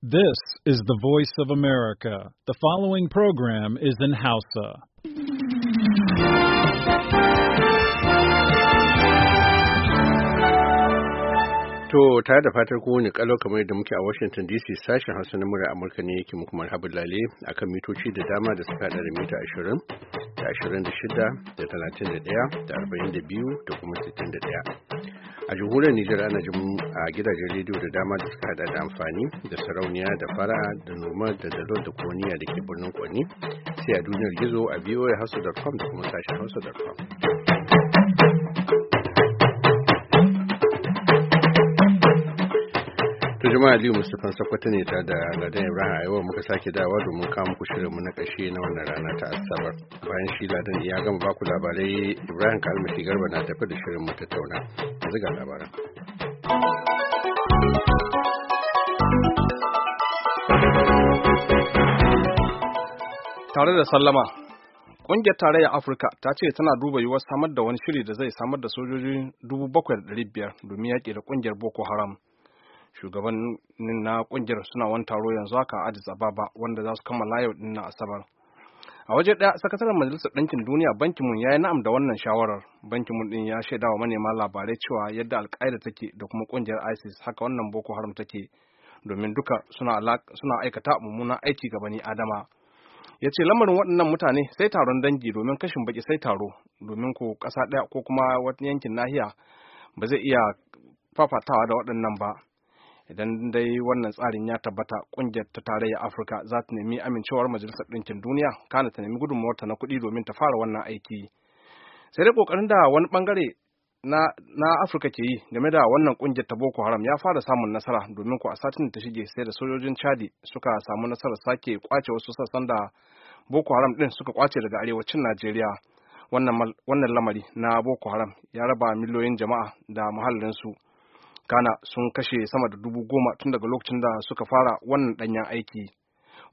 This is the voice of America. The following program is in Hausa. To, ta da fatar kowane kalo kamar yadda muke a Washington DC sashen Hausa na murya Amurka ne yake muku marhaban lale a kan mitoci da dama da suka da mita 20 da 26 da 31 da 42 da kuma 61. a jamhuriyar nijar ana jin a gidajen rediyo da dama da suka hada da amfani da sarauniya da fara da noma da dalo da koniya da ke birnin kwani sai a duniyar gizo a ya hausa.com da kuma sashen hausa.com Girma Aliyu Mustapha Sokoto ne ta da Ladan Ibrahim a Aiwa muka sake dawa domin kawo muku mu na ƙashe na wannan rana ta Asabar. Bayan shi Ladan ya gama baku labarai Ibrahim Kalmasi Garba na tafi da mu tattauna. Yanzu ga labaran. Tare da sallama, Ƙungiyar Tarayyar Afirka ta ce tana duba yiwuwar samar da wani shiri da zai samar da sojoji 7,500 domin yaƙi da ƙungiyar Boko Haram. shugabannin na kungiyar suna wani taro yanzu haka a addis ababa wanda za su kammala yau din na asabar a waje ɗaya sakataren majalisar ɗinkin duniya bankin mun ya yi na'am da wannan shawarar bankin mun ɗin ya shaidawa wa manema labarai cewa yadda alƙaida take da kuma ƙungiyar isis haka wannan boko haram take domin duka suna aikata mummunan aiki ga bani adama ya ce lamarin waɗannan mutane sai taron dangi domin kashin baki sai taro domin ko ƙasa ɗaya ko kuma wani yankin nahiya ba zai iya fafatawa da waɗannan ba idan dai wannan tsarin ya tabbata kungiyar ta tarayya afirka za ta nemi amincewar majalisar ɗinkin duniya kana ta nemi ta na kuɗi domin ta fara wannan aiki sai dai kokarin da wani bangare na, na afirka ke yi game da wannan kungiyar ta boko haram ya fara samun nasara domin ko a satin da ta shige sai da sojojin chadi suka samu nasarar sake kwace wasu sassan da boko haram ɗin suka kwace daga arewacin najeriya wannan lamari na boko haram ya raba miliyoyin jama'a da muhallinsu kana sun kashe sama da dubu goma tun daga lokacin da suka fara wannan ɗanyen aiki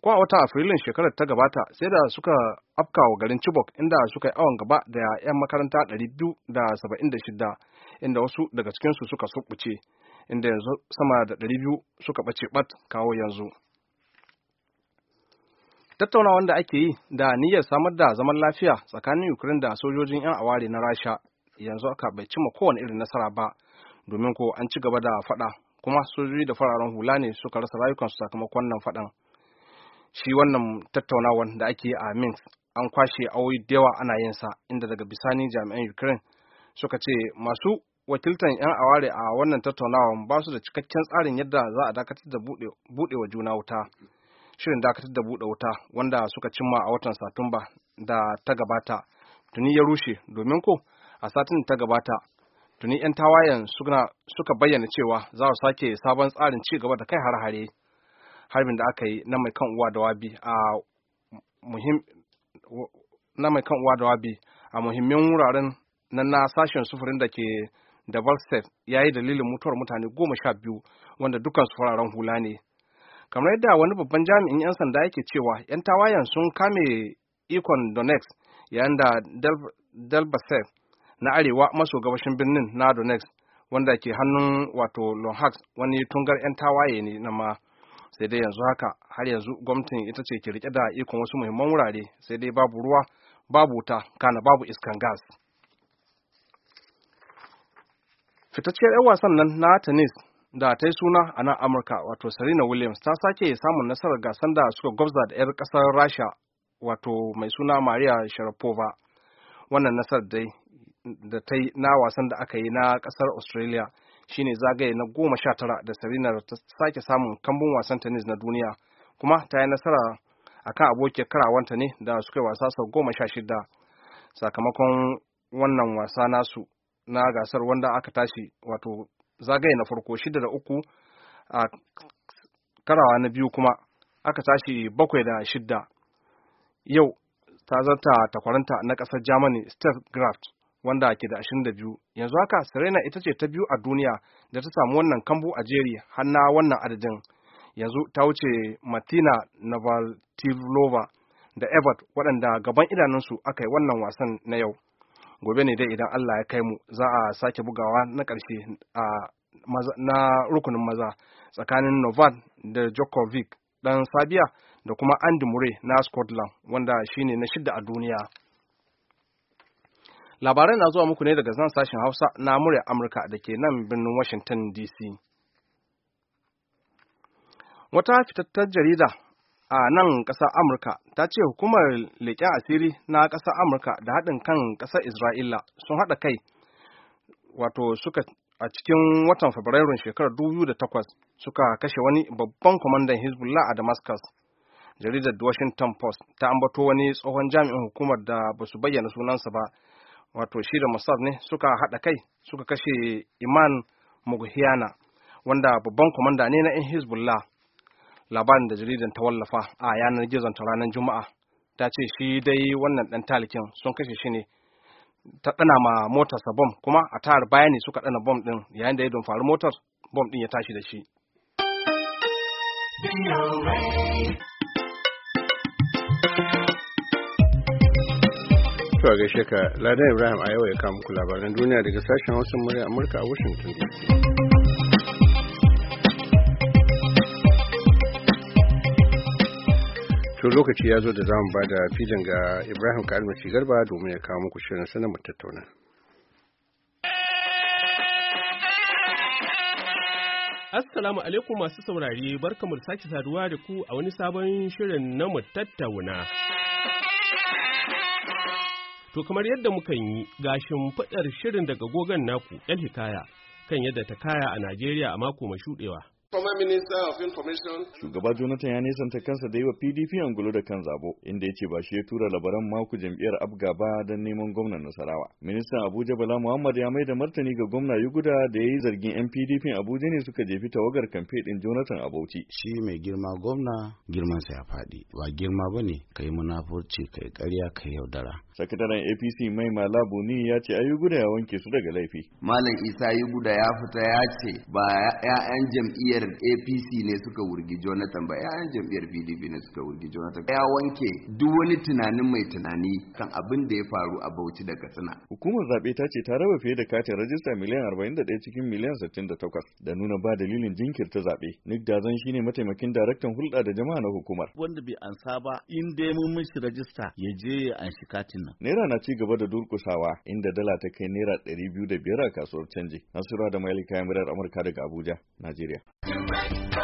ko a watan afrilun shekarar ta gabata sai da suka afka wa garin chibok inda suka yi awon gaba da 'yan makaranta da shida inda wasu daga cikinsu suka sukuce inda yanzu sama da 200 suka ɓace bat kawo yanzu tattaunawan da ake yi da niyyar samar da zaman lafiya tsakanin ukraine da sojojin 'yan aware na rasha yanzu aka bai cimma kowane irin nasara ba domin ko an ci gaba da faɗa kuma sojoji da fararen hula ne suka rasa rayukansu sakamakon nan faɗan shi wannan tattaunawan da ake a minsk an kwashe awoyi da yawa ana yin sa inda daga bisani jami'an ukraine suka ce masu wakiltan 'yan aware a wannan tattaunawan ba su da cikakken tsarin yadda za a dakatar da bude wa juna wuta shirin dakatar da bude wuta wanda suka cimma a watan satumba da ta gabata tuni ya rushe domin ko a satin ta gabata tuni 'yan tawayen suka bayyana cewa za su sake sabon tsarin ci gaba da kai har-hare harbin da aka yi na mai kan uwa da wabi a muhimmin wuraren nan na sashen sufurin da ke da Valstead ya yi dalilin mutuwar mutane goma sha biyu wanda dukkan su fararen hula ne. Kamar yadda wani babban jami'in 'yan sanda yake cewa 'yan tawayen sun kame ikon Donetsk yayin da Delbasev na arewa maso gabashin birnin na donex wanda ke hannun wato lonhax wani tungar 'yan tawaye ne na ma sai dai yanzu haka har yanzu gwamnatin ita ce ke rike da ikon wasu muhimman wurare sai dai babu ruwa babu wuta kana babu iskan gas fitacciyar 'yan wasan nan na tennis da ta yi suna a nan amurka wato serena williams ta sake samun nasarar gasan da suka gwabza da 'yar kasar rasha wato mai suna maria sharapova wannan nasar dai da ta yi na wasan da aka yi na kasar australia shine zagaye na goma sha tara da serena ta sake samun kambun wasan tennis na duniya kuma ta yi nasara akan abokiyar karawanta ne da suka yi wasa sau goma sha shida sakamakon wannan wasa nasu na gasar wanda aka tashi wato zagaye na farko shida da uku a karawa na biyu kuma aka tashi bakwai da shida yau ta zarta takwaranta na ƙasar germany steph graft wanda ke da 22 yanzu haka serena ita ce ta biyu a duniya da ta samu wannan kambu a jeri har na wannan adadin yanzu ta wuce martina navratilova da evert waɗanda gaban idanunsu aka yi wannan wasan na yau gobe ne dai idan allah ya kai mu za a sake bugawa na ƙarshe na rukunin maza tsakanin novak da djokovic ɗan sabia da kuma andy murray na scotland wanda shine na shidda a duniya Labarai na zuwa muku ne daga zan sashen Hausa na murya Amurka da ke nan birnin Washington DC. Wata fitattar jarida a nan ƙasar Amurka ta ce hukumar leƙen asiri na ƙasar Amurka da haɗin kan ƙasar Isra'ila sun haɗa kai wato suka a cikin watan Fabrairun shekarar 2008 suka kashe wani babban kwamandan Hezbollah a Damascus. Jaridar Washington Post ta ambato wani tsohon jami'in hukumar da ba su bayyana sunansa ba wato shi da Mossad ne suka haɗa kai suka kashe Iman Mughiyana wanda babban kwamanda ne na 'yan Hezbollah. Labarin da jaridan ta wallafa a yanar gizon ta ranar Juma'a ta ce shi dai wannan ɗan talikin sun kashe shi ne ta ɗana ma motarsa bom kuma a tayar baya ne suka ɗana bom ɗin yayin da ya faru motar bom ɗin ya tashi da shi. To gaishe ka Ladan Ibrahim a yau ya kawo muku labaran duniya daga sashen Hausa murya Amurka a Washington DC. to lokaci ya zo da zamu ba da filin ga ibrahim kalmasi garba domin ya kawo muku shirin sanar mu tattauna assalamu alaikum masu saurari barka mu sake saduwa da ku a wani sabon shirin na mu tattauna To kamar yadda mukan yi gashin faɗar shirin daga gogon naku 'yan hikaya kan yadda ta kaya a Najeriya a mako mai shuɗewa. shugaba jonathan ya nesanta kansa da yi wa pdp angulo da kan zabo inda ya ce ba shi ya tura labaran maku jam'iyyar abga ba don neman gwamnan nasarawa ministan abuja bala muhammad ya maida martani ga gwamna yuguda da ya yi zargin yan pdp abuja ne suka jefi tawagar kamfe ɗin jonathan a bauchi shi mai girma gwamna girman sa ya faɗi ba girma ba ne ka yi munafurci ka yi ƙarya ka yi yaudara sakataren apc mai Mala Buni ya ce ayi guda ya wanke su daga laifi malam isa yi guda ya fita ya ce ba 'ya'yan jam'iyyar jam'iyyar apc ne suka wurgi jonathan ba 'ya'yan jam'iyyar pdp ne suka wurgi jonathan ya wanke duk wani tunanin mai tunani kan abin da ya faru a bauchi da katsina hukumar zaɓe ta ce ta raba fiye da katin rajista miliyan 41 cikin miliyan 68 da nuna ba dalilin jinkirta zaɓe nick dazan shine mataimakin daraktan hulɗa da jama'a na hukumar wanda bai ansa ba in dai mun mishi rajista ya je ya anshi katin nan naira na ci gaba da durkusawa inda dala ta kai naira 205 a kasuwar canji nasura da mai kayan murar amurka daga abuja najeriya Direct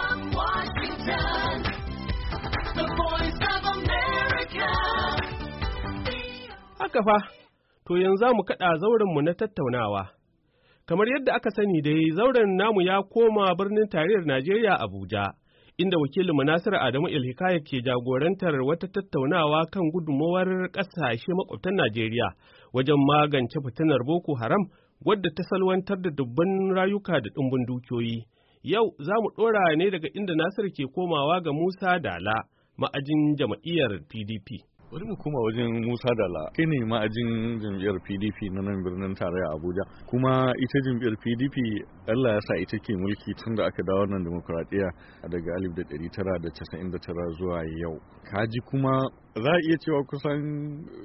Haka fa, to yanzu za mu kaɗa zaurinmu na tattaunawa. Kamar yadda aka sani dai, zauren namu ya koma birnin tarayyar Najeriya Abuja. inda wakilin Nasiru Adamu Ilhikaya ke jagorantar wata tattaunawa kan gudunmawar ƙasashe makwabtan Najeriya wajen magance fitinar Boko Haram wadda ta salwantar da dubban rayuka da ɗumbin dukiyoyi. Yau za mu ɗora ne daga inda Nasir ke komawa ga Musa Dala, ma'ajin jam'iyyar PDP. bari mu koma wajen Musa Dala kai ne ma'ajin jam'iyyar PDP na nan birnin tarayya Abuja kuma ita jam'iyyar PDP Allah ya sa ita ke mulki tun da aka dawo nan demokuraɗiyya daga 1999 zuwa yau kaji kuma za a iya cewa kusan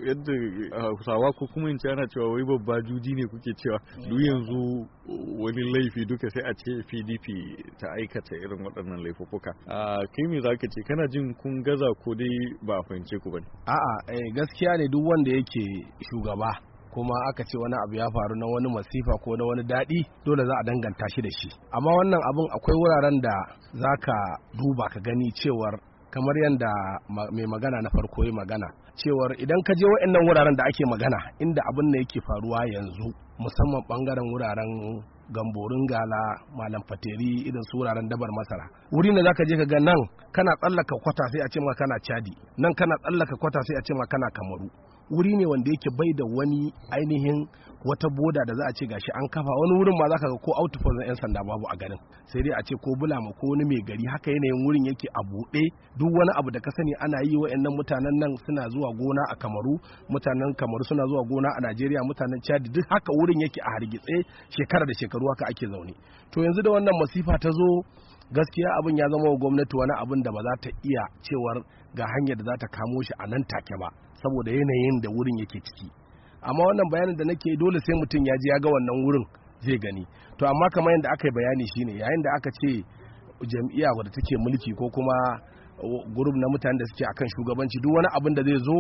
yadda hausawa ko kuma in ana cewa wai babba juji ne kuke cewa duk yanzu wani laifi duka sai a ce pdp ta aikata irin waɗannan laifuka a kai za ka ce kana jin kun gaza ko dai ba a fahimce ku bane a'a eh, gaskiya ne duk wanda yake shugaba kuma aka ce wani abu ya faru na wani masifa ko na wani daɗi dole za a danganta shi da shi amma wannan abin akwai wuraren da za ka duba ka gani cewar kamar yadda mai magana na farko ya magana cewar idan ka je wa'annan wuraren da ake magana inda abin da yake faruwa yanzu musamman bangaren wuraren gamborin gala malam fateri idan su wuraren dabar masara wuri ne zaka je ka ga nan kana tsallaka kwata sai a ce ma kana chadi nan kana tsallaka kwata sai a ce ma kana kamaru wuri ne wanda yake bai da wani ainihin wata boda da za a ce gashi an kafa wani wurin ma za ka ga ko autofon na 'yan sanda babu a garin sai dai a ce ko bula ma ko wani mai gari haka yanayin wurin yake a buɗe duk wani abu da ka sani ana yi wa'annan mutanen nan suna zuwa gona a kamaru mutanen kamaru suna zuwa gona a najeriya mutanen chad duk haka wurin yake a hargitse shekara da shekaru haka ake zaune to yanzu da wannan masifa ta zo gaskiya abin ya zama wa gwamnati wani abin da ba za ta iya cewar ga hanyar da za ta kamo shi a nan take ba saboda yanayin da wurin yake ciki amma wannan bayanin da nake dole sai mutum ya ji ya ga wannan wurin zai gani to amma kamar yadda aka yi bayani shi shine yayin da aka ce jam'iyya wadda take mulki ko kuma gurub na mutane da suke akan shugabanci duk wani abin da zai zo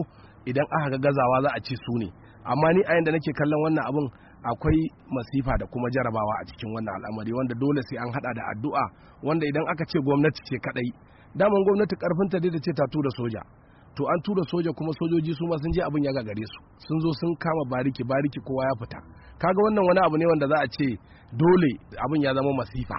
idan aka ga gazawa za a ci su ne amma ni a yadda nake kallon wannan abin akwai masifa da kuma jarabawa a cikin wannan al'amari wanda dole sai an hada da addu'a wanda idan aka ce gwamnati ce kadai daman gwamnati karfin ta da ce ta tura soja to an tura soja kuma sojoji su ma sun je abin ya gagare su sun zo sun kama bariki bariki kowa ya fita kaga wannan wani abu ne wanda za a ce dole abin ya zama masifa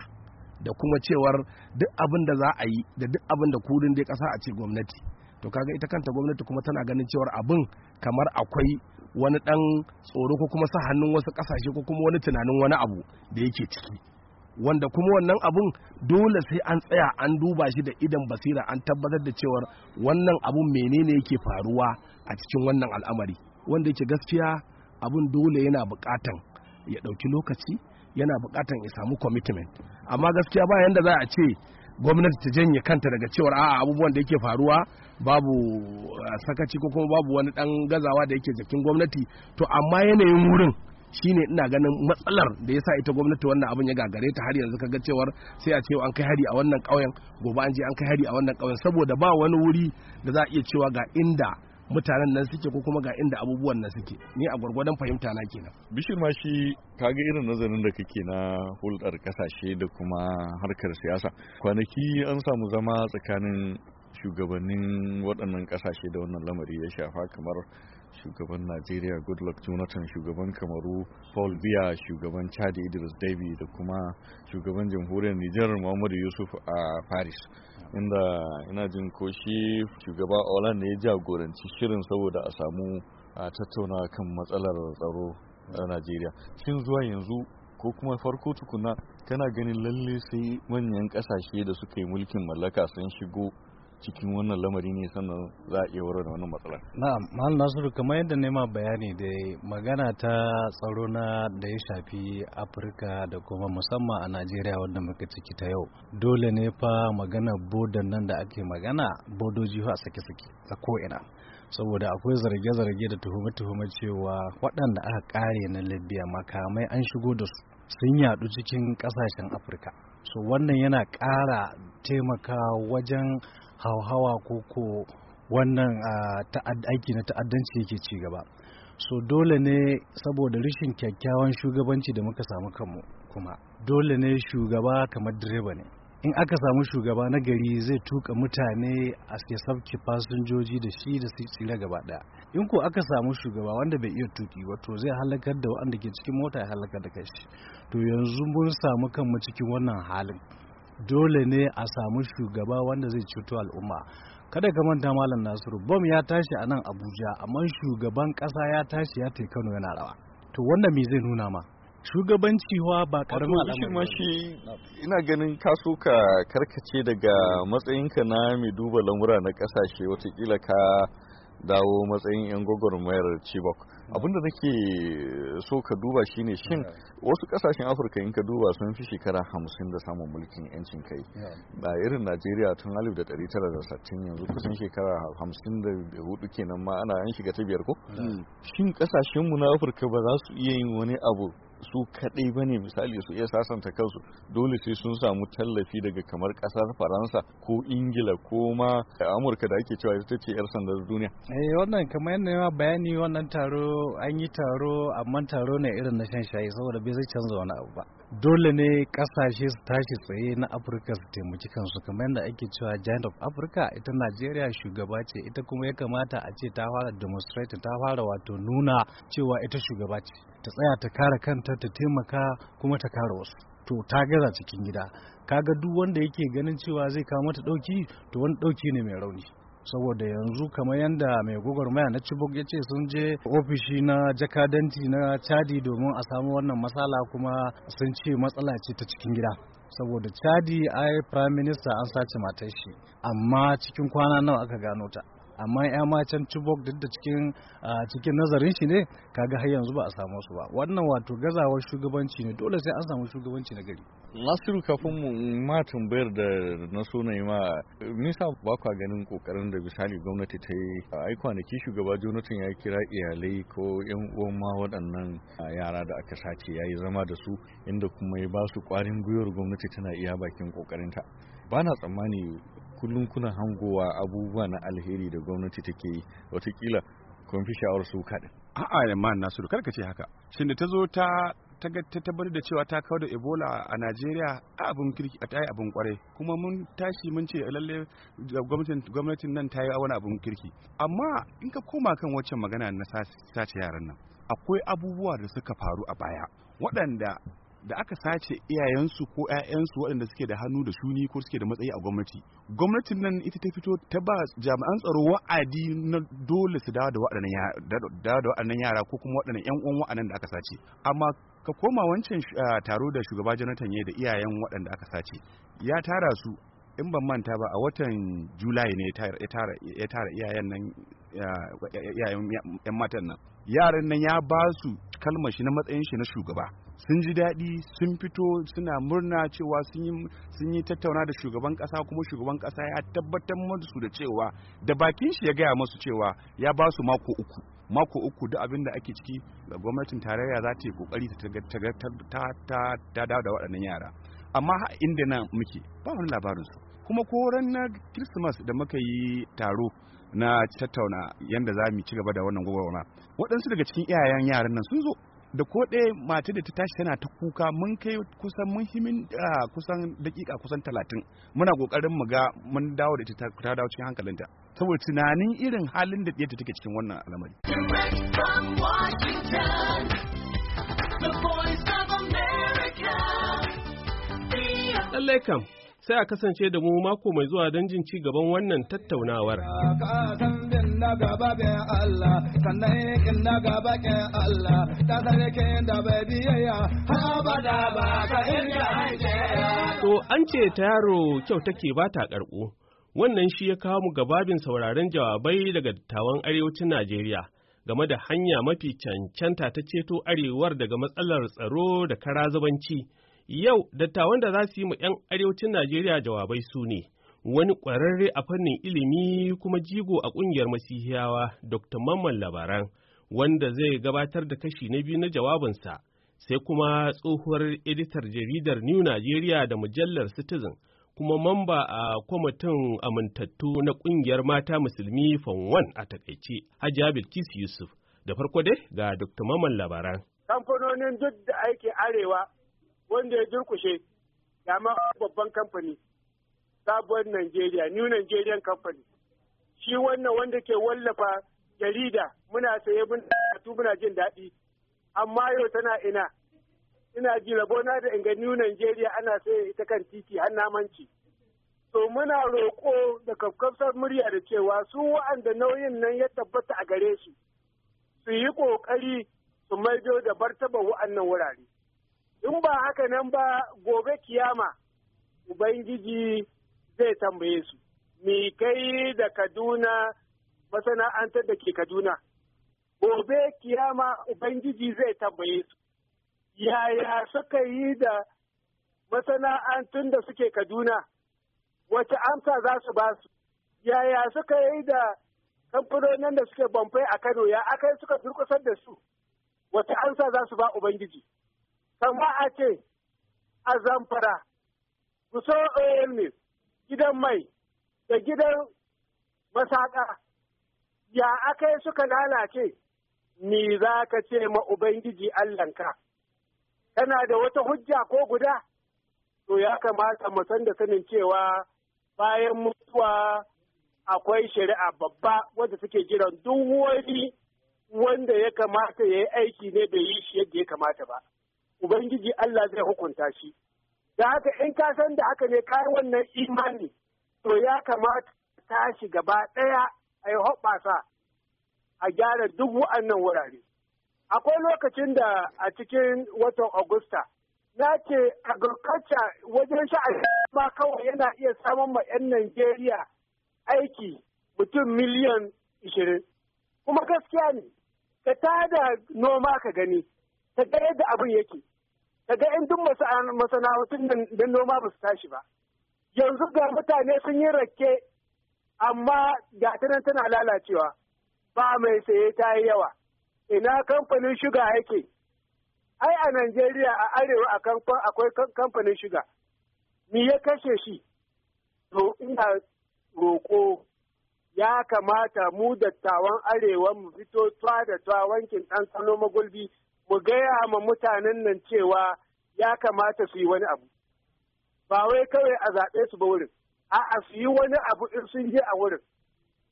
da kuma cewar duk abin da za a yi da duk abin da kudin dai kasa a ce gwamnati to kaga ita kanta gwamnati kuma tana ganin cewar abin kamar akwai wani dan tsoro ko kuma sa hannun wasu kasashe ko kuma wani tunanin wani abu da yake ciki wanda kuma wannan abun dole sai an tsaya an duba shi da idan basira an tabbatar da cewar wannan abun menene yake faruwa a cikin wannan al'amari wanda yake gaskiya abun dole yana bukatan ya ɗauki lokaci yana bukatan ya samu commitment amma gaskiya ba yanda za a ce gwamnati ta janye kanta daga cewar a abubuwan da yake faruwa babu uh, sakaci ko kuma babu wani ɗan gazawa da yake jikin gwamnati to amma yanayin wurin Shi ne ina ganin matsalar da ya sa ita gwamnati wannan abin ya gagare ta har yanzu ga cewar sai a cewa an kai hari a wannan ƙauyen gobe an je an kai hari a wannan ƙauyen saboda ba wani wuri da za a iya cewa ga inda mutanen nan suke ko kuma ga inda abubuwan nan suke ni a gwargwadon fahimta na kenan bishir ma shi kaga irin nazarin da kake na hulɗar kasashe da kuma harkar siyasa kwanaki an samu zama tsakanin shugabannin waɗannan kasashe da wannan lamari ya shafa kamar shugaban najeriya goodluck jonathan shugaban kamaru paul biya shugaban chad idris davy da kuma shugaban jamhuriyar nijar muhammadu yusuf a paris inda ina jin koshi shugaba olan ne ya jagoranci shirin saboda a samu a tattauna kan matsalar tsaro a najeriya shin zuwa yanzu ko kuma farko tukuna kana ganin lalle sai manyan kasashe da suka yi mulkin mallaka sun shigo cikin wannan lamari ne sannan za a iya warware wannan matsalar. Na'am, Mahal Nasiru kamar yadda nema bayani da magana ta tsaro na da ya shafi Afirka da kuma musamman a Najeriya wanda muka ciki ta yau. Dole ne fa magana da nan da ake magana bodoji a sake-sake a ko'ina. saboda akwai zarge-zarge da tuhume-tuhume cewa waɗanda aka kare na libya makamai an shigo da su sun yadu cikin ƙasashen afirka so wannan yana ƙara taimaka wajen hauhawa ko ko wannan aiki na ta'addanci yake ci gaba so dole ne saboda rashin kyakkyawan shugabanci da muka samu kanmu kuma dole ne shugaba kamar direba ne in aka samu shugaba na gari zai tuka mutane a ke fasinjoji da shi da su tsira gaba daya in ko aka samu shugaba wanda bai iya tuki wato zai halakar da wanda ke cikin mota ya halakar da kashi to yanzu mun samu kanmu cikin wannan halin dole ne a samu shugaba wanda zai ceto al'umma kada ka manta malam nasiru bom ya tashi a nan abuja amma shugaban kasa ya tashi ya tai kano yana rawa to wanda me zai nuna ma shugabanci wa ba karamin al'amari shi ina ganin ka so ka karkace daga matsayinka na mai duba lamura na kasashe watakila ka dawo matsayin yan gwagwarmayar chibok Abin da nake so ka duba shine shin wasu kasashen afirka in ka duba sun fi shekara hamsin da samun mulkin yancin kai ba irin najeriya tun alif da ɗari tara da sattin yanzu kusan shekara hamsin da hudu kenan ma ana an shiga ta biyar ko hmm. shin kasashen mu na afirka ba za su iya yin wani abu su kaɗai ba ne misali su iya sasanta kansu dole sai sun samu tallafi daga kamar ƙasar faransa ko ingila ko ma amurka da ake cewa ita ce 'yar sandar duniya eh, wannan kamar yadda yawa bayani wannan taro an yi taro amma taro ne irin na shan shayi saboda bai zai canza wani abu ba dole ne kasashe su tashi tsaye na afirka su taimaki kansu kamar yadda ake cewa giant of africa ita nigeria shugaba ce ita kuma ya kamata a ce ta fara demonstrating ta fara wato nuna cewa ita shugaba ce ta tsaya ta kare kanta ta taimaka kuma ta kare wasu to ta gaza cikin gida kaga duk wanda yake ganin cewa zai kawo mata dauki to wani dauki ne mai rauni saboda yanzu kamar yadda mai gwagwarmaya na cibok ya ce sun je ofishi na jakadanci na Chadi domin a samu wannan matsala kuma sun ce matsala ce ta cikin gida. Saboda Chadi ai Prime Minister an sace matar shi amma cikin kwana nawa aka gano ta. amma ya ma can duk da cikin nazarin shi ne kaga har yanzu ba a samu su ba wannan wato gazawar shugabanci ne dole sai an samu shugabanci na gari Nasiru kafin mu ma tambayar da na so na yi ma nisa ba kwa ganin kokarin da misali gwamnati ta yi ai kwanaki shugaba Jonathan ya kira iyalai ko yan uwan ma waɗannan yara da aka sace ya yi zama da su inda kuma ya ba su kwarin gwiwar gwamnati tana iya bakin kokarinta ba na tsammani kullum kuna hangowa abubuwa na alheri da gwamnati take yi watakila kun fi su kaɗin. A'a yamma Nasiru kar ka ce haka. Shin da ta zo ta ta tabbatar da cewa ta kawar da ebola a najeriya a abin kirki a ta yi abin kwarai kuma mun tashi mun ce lalle gwamnatin nan ta yi wani abin kirki amma in ka koma kan waccan magana na sace yaran nan akwai abubuwa da suka faru a baya waɗanda da aka sace iyayensu ko 'ya'yansu waɗanda suke da hannu da suni ko suke da matsayi a gwamnati gwamnatin nan ita ta fito ta ba jami'an tsaro wa'adi na dole su dawo da waɗannan yara ko kuma waɗannan 'yan uwan da aka sace amma ka koma wancan taro da shugaba jonathan ya da iyayen waɗanda aka sace ya tara su in ban manta ba a watan julai ne ya tara iyayen nan iyayen 'yan matan nan yaran nan ya ba su kalmashi na matsayin shi na shugaba sun ji daɗi sun fito suna murna cewa sun yi tattauna da shugaban ƙasa kuma shugaban ƙasa ya tabbatar musu da cewa da bakin shi ya gaya masu cewa ya ba su mako uku mako uku duk abin da ake ciki gwamnatin tarayya za ta yi kokari ta ta da waɗannan yara amma inda na muke ba wani labarin su kuma koran na Christmas da muka yi taro na tattauna yadda za mu ci gaba da wannan gwagwarmaya waɗansu daga cikin iyayen yaran nan sun zo da ko ɗaya mata da ta tashi tana ta kuka mun kai kusan mun himin ah, kusan dakika kusan talatin muna kokarin mu ga mun dawo da ita ta dawo cikin hankalinta saboda tunanin irin halin da ɗiyarta take cikin wannan al'amari. Lallai kam sai a kasance da mu mako mai zuwa don jin ci gaban wannan tattaunawar. To an ce ta yaro kyau take ba ta karɓo. Wannan shi ya kawo mu gababin sauraron jawabai daga dattawan arewacin Najeriya game da hanya mafi cancanta ta ceto arewar daga matsalar tsaro da karazabanci. Yau dattawan da za su yi mu 'yan arewacin Najeriya jawabai su ne, wani ƙwararre a fannin ilimi kuma jigo a ƙungiyar Masihiyawa Dr. Mamman Labaran, wanda zai gabatar da kashi na biyu na jawabinsa, sai kuma tsohuwar editar jaridar New Nigeria da mujallar Citizen, kuma mamba a kwamitin amintattu na ƙungiyar mata musulmi Fanwan a takaice, Hajiya Yusuf. Da farko dai ga Dr. Mamman Labaran. Kamfanonin duk da aiki arewa wanda ya durkushe ma babban kamfani sabon Najeriya, New Nigerian Company. Shi wannan wanda ke wallafa jarida muna saye muna jin daɗi, amma yau tana ina. Ina ji rabona da inga New Nigeria ana saye ita kan titi har namanci. To muna roƙo da kafkafsar murya da cewa su wa'anda nauyin nan ya tabbata a gare su, su yi ƙoƙari su maido da martaba wa'annan wurare. in ba haka nan ba gobe kiyama ubangiji zai tambaye su mi kai da kaduna masana'antar da ke kaduna gobe kiyama ubangiji zai tambaye su yaya suka yi da masana'antun da suke kaduna wace amsa za su ba su yaya suka yi da kamfanonin da suke bamfai a kano ya aka suka durkusar da su wace amsa za su ba ubangiji kama a ce a zamfara ku so ne gidan mai da gidan masaka ya aka yi suka lalace ni za ka ce ma ubangiji allanka tana da wata hujja ko guda to ya kamata mu san da sanin cewa bayan mutuwa akwai shari'a babba wadda suke jiran duk wani wanda ya kamata ya yi aiki ne bai yi shi yadda ya kamata ba. ubangiji Allah zai hukunta shi da haka in ka san da haka ne kayan wannan imani to ya kamata tashi gaba ɗaya a yi hoɓasa a gyara duk wa'annan wurare akwai lokacin da a cikin watan Agusta na ce agriculture wajen sha'ani ma kawai yana iya samun ma 'yan Najeriya aiki mutum miliyan ishirin kuma gaskiya ne ka tada noma ka gani ta ga yadda abin yake ta ga in duk masana'antun da noma ba su tashi ba yanzu ga mutane sun yi rake amma ga tana tana lalacewa ba mai saye ta yi yawa ina kamfanin shuga yake ai a Najeriya a arewa akwai kamfanin shuga me ya kashe shi to ina roƙo ya kamata mu dattawan arewa mu fito twa da twa wankin ɗan tsano magulbi mu gaya ma mutanen nan cewa ya kamata su yi wani abu ba wai kawai a zaɓe su ba wurin a'a su yi wani abu in sun je a wurin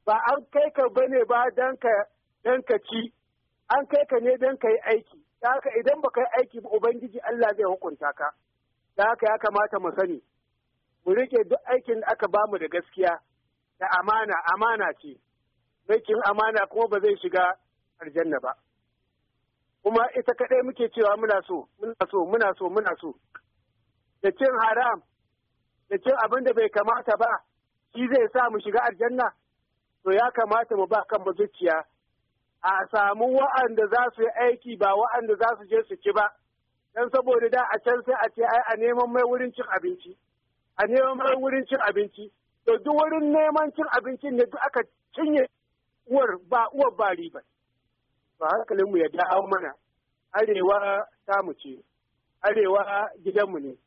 ba an kai ka ba dan ka dan ka ci an kai ka ne dan ka yi aiki haka idan ba ka yi aiki ba ubangiji Allah zai hukunta ka da haka ya kamata mu sani mu rike duk aikin da aka bamu da gaskiya da amana amana ce aikin amana kuma ba zai shiga aljanna ba kuma ita kaɗai muke cewa muna so muna so muna so muna so da cin haram da cin abin da bai kamata ba shi zai sa mu shiga aljanna to ya kamata mu ba kan zuciya a samu wa'anda za su yi aiki ba wa'anda za su je su ci ba dan saboda da a can sai a ce ai a neman mai wurin cin abinci a neman mai wurin cin abinci to duk wurin neman cin abincin ne duk aka cinye uwar ba uwar ba riba ba hankalinmu ya dawo mana arewa ta mu ce arewa gidanmu ne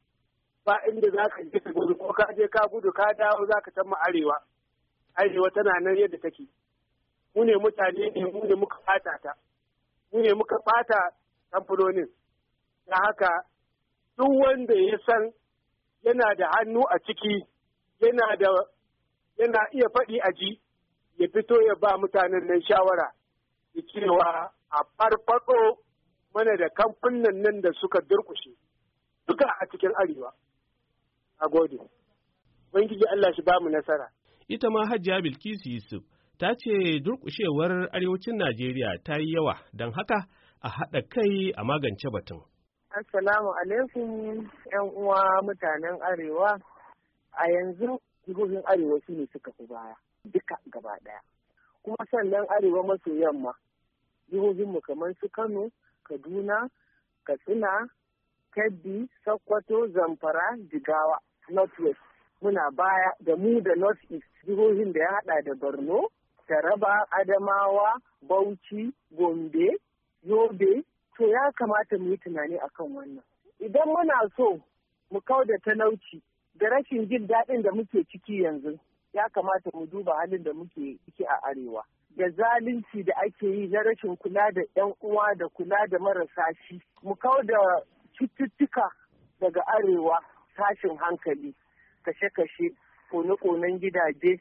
ba inda za ka je ka gudu ko ka je ka gudu ka dawo za ka tamma arewa arewa tana nan yadda take mu ne mutane ne mu ne muka fata ta mu ne muka fata kamfanonin da haka duk wanda ya san yana da hannu a ciki yana iya faɗi a ji ya fito ya ba mutanen nan shawara ki cewa a farfaɗo mana da kamfunan nan da suka durkushe duka a cikin arewa a gode ubangiji Allah shi bamu nasara ita ma hajjiya bilkisu yusuf ta ce durkushewar arewacin najeriya ta yi yawa don haka a haɗa kai a magance batun assalamu alaikum yan uwa mutanen arewa a yanzu jihohin arewa su ne suka fi baya duka gaba ɗaya kuma sannan arewa maso yamma jihohinmu kamar su kano kaduna katsina kebbi sokoto zamfara jigawa northwest muna baya da mu da northeast jihohin da ya hada da borno taraba adamawa bauchi gombe yobe to ya kamata mu yi tunani kan wannan idan muna so mu kau da talauci da rashin jin daɗin da muke ciki yanzu ya kamata mu duba halin da muke ciki a arewa da zalunci da ake yi na rashin kula da 'yan uwa da kula da marasa shi mu kawo da cututtuka daga arewa tashin hankali kashe-kashe kone-konen gidaje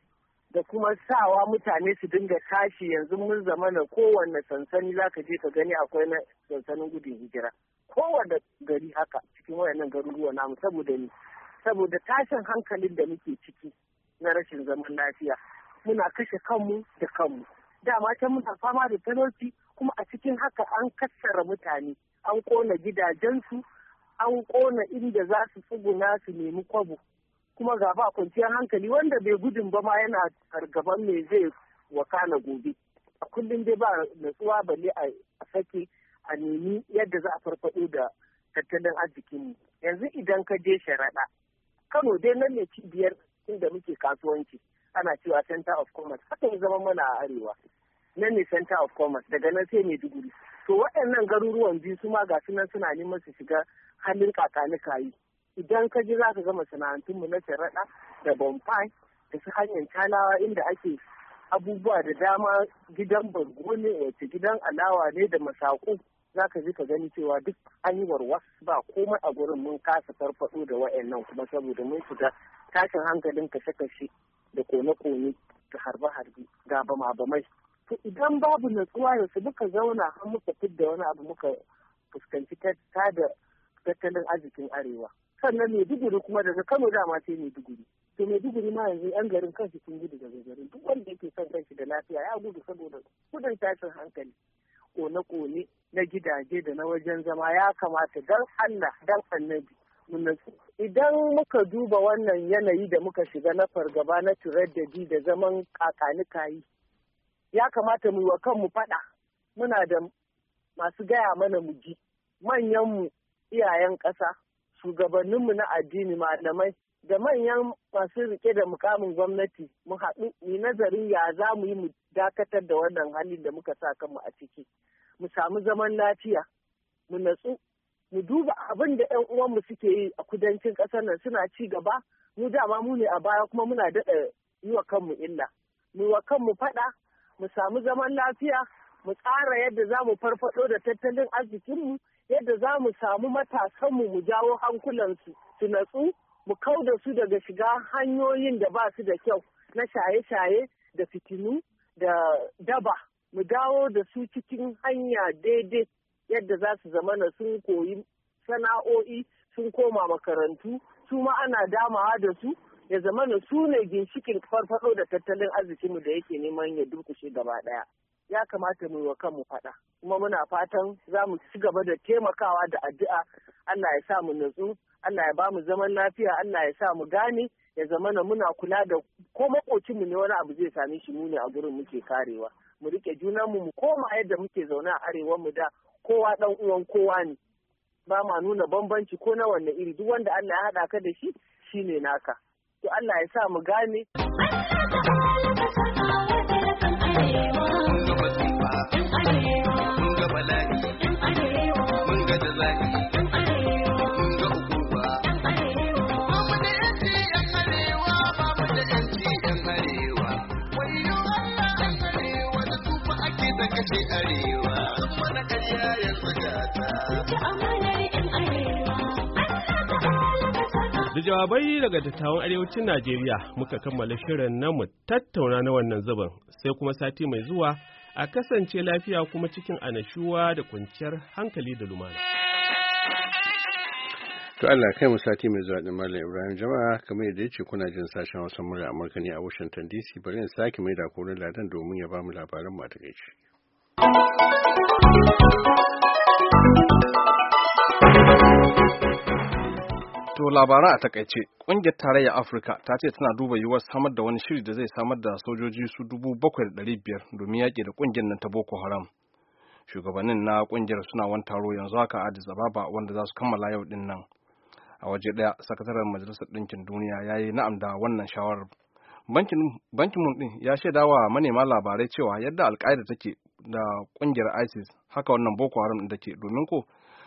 da kuma sawa mutane su dinga tashi yanzu mun zama na kowanne sansani za ka je ka gani akwai na sansanin gudun hijira kowanne gari haka cikin wayannan garuruwa namu saboda ni saboda tashin hankalin da muke ciki na rashin zaman lafiya muna kashe kanmu da kanmu dama can muna fama da talauci kuma a cikin haka an kassara mutane an kona gidajensu an kona inda za su tsuguna su nemi kwabo kuma ga ba kwanciyar hankali wanda bai gudun ba ma yana fargaban mai zai wakana gobe a kullum dai ba natsuwa balle a sake a nemi yadda za a farfado da tattalin arzikinmu yanzu idan ka je sharaɗa kano dai nan ne cibiyar inda muke kasuwanci ana cewa center of commerce haka ya zama mana a arewa nan ne center of commerce daga nan sai maiduguri to waɗannan garuruwan biyu su ma ga nan suna neman su shiga halin kakani kayi idan ka ji za ka ga masana'antunmu na sharaɗa da bonfai da su hanyar talawa inda ake abubuwa da dama gidan bargo ne wace eh, gidan alawa ne da masako za ka ji ka gani cewa duk an yi ba komai a gurin mun kasa farfaɗo da wa'annan kuma saboda mun shiga tashin hankalin kashe-kashe da kone-kone da harbe harbi ga bama-bamai to idan babu natsuwa yanzu muka zauna har muka fidda wani abu muka fuskanci ta da tattalin arzikin arewa sannan maiduguri kuma daga kano dama sai maiduguri to maiduguri ma yanzu yan garin kansu sun gudu daga garin duk wanda yake son kanshi da lafiya ya gudu saboda gudun tashin hankali kone-kone na gidaje da na wajen zama ya kamata dan allah dan annabi nasu. Idan muka duba wannan yanayi da muka shiga na fargaba na turaddadi da zaman kayi ya kamata mu yi wa kanmu faɗa muna da masu gaya mana mu ji manyanmu iyayen ƙasa, shugabanninmu na addini malamai da manyan masu rike da mukamin gwamnati mu haɗu mu nazarin ya za mu yi mu dakatar da wannan halin da muka sa kanmu a ciki mu samu zaman lafiya mu natsu mu duba abin da 'yan uwanmu suke yi a kudancin ƙasar nan suna ci gaba mu dama mu ne a baya kuma muna daɗa yi wa kanmu illa mu wa kanmu faɗa mu samu zaman lafiya mu tsara yadda za mu farfaɗo da tattalin arzikinmu yadda za mu samu matasanmu mu jawo hankulansu su natsu mu kau da su daga shiga hanyoyin da ba su da kyau na shaye-shaye da fitinu da daba mu dawo da su cikin hanya daidai yadda za su zamana sun koyi sana'o'i sun koma makarantu su ma ana damawa da su ya zamana su ne ginshikin farfado da tattalin arzikinmu da yake neman ya durkushe gaba daya ya kamata mu yi wa kanmu faɗa kuma muna fatan za mu ci gaba da taimakawa da addu'a Allah ya sa mu natsu Allah ya bamu mu zaman lafiya Allah ya sa mu gane ya zamana muna kula da ko makocinmu ne wani abu zai same shi mu ne a gurin muke karewa mu rike junanmu mu koma yadda muke zaune a arewa mu da kowa ɗan uwan kowa ne ba ma nuna bambanci ko na wanne iri duk wanda Allah ya haɗa ka da shi shine naka to Allah ya sa mu gane Arewa. Da jawabai daga dattawan arewacin Najeriya muka kammala shirin mu tattauna na wannan zubin sai kuma sati mai zuwa a kasance lafiya kuma cikin anashuwa da kwanciyar hankali da lumana. To Allah kai mu sati mai zuwa Malam Ibrahim jama'a kamar yadda ya ce kuna jin sashen wasan murya Amurka ne a Washington DC bari in sake mai da korin ladan domin ya ba mu labaran mu a takaici. To labaran a takaice, ƙungiyar tarayyar Afirka ta ce tana duba yiwuwar samar da wani shiri da zai samar da sojoji su dubu bakwai da ɗari biyar domin yaƙi da ƙungiyar nan ta Boko Haram. Shugabannin na ƙungiyar suna wani taro yanzu haka a Addis Ababa wanda za su kammala yau ɗin nan. A waje ɗaya, sakataren Majalisar Ɗinkin Duniya ya yi na'am da wannan shawarar. Bankin Mun ɗin ya shaidawa manema labarai cewa yadda alƙa'ida take da kungiyar isis haka wannan boko haram da ke domin ko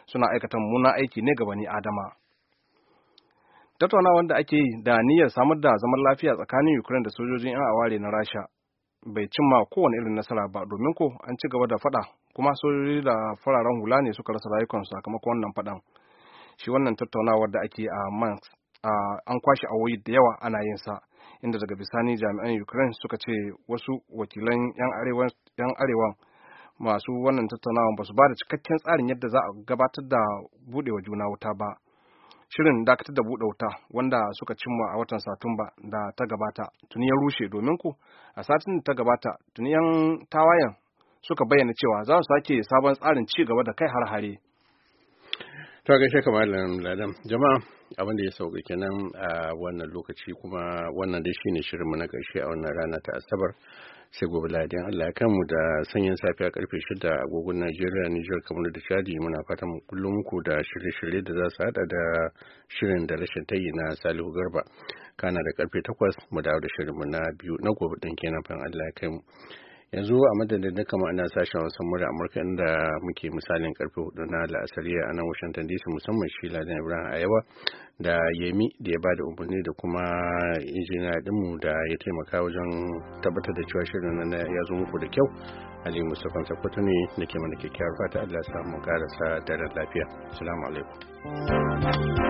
suna aikata muna aiki ne ga bani adama tattaunawa wanda ake yi da niyyar samar da zaman lafiya tsakanin ukraine da sojojin yan aware na rasha bai cimma kowane irin nasara ba domin ko an ci gaba da fada kuma sojoji da fararen hula ne suka rasa rayukansu sakamakon wannan fadan shi wannan tattaunawar da ake a manx an kwashe awoyi da yawa ana yin sa inda daga bisani jami'an ukraine suka ce wasu wakilan 'yan arewan masu wannan tattaunawa ba su ba da cikakken tsarin yadda za a gabatar da budewa juna wuta ba shirin dakatar da buɗe wuta wanda suka cimma a watan satumba da ta gabata tuni ya rushe domin ku a satin da ta gabata tuni yan tawayen suka bayyana cewa za su sake sabon tsarin ci gaba da kai har hare ta gaishe kamar ladan jama'a abin da ya sauka kenan a wannan lokaci kuma wannan dai shine mu na ƙarshe a wannan rana ta asabar sai gobe ladin Allah ya kanmu da sanyin safiya karfe a agogon Najeriya Niger kamar da Chadi muna fatan kullum ku da shirye-shirye da za su hada da shirin da rashin tayi na Salihu Garba kana da karfe 8 mu dawo da shirin mu na biyu na gobe din kenan fan Allah ya kanmu. yanzu a madadin duka ma'ana sashen wasan mura amurka inda muke misalin karfe hudu na la'asari a nan washington dc musamman shi ladan ibrahim ayewa da yemi da ya ba da umarni da kuma injiniya dinmu da ya taimaka wajen tabbatar da cewa shirin na ya zo muku da kyau ali mustapha sakwato ne da ke mana kyakkyawar fata allah samu karasa daren lafiya salamu alaikum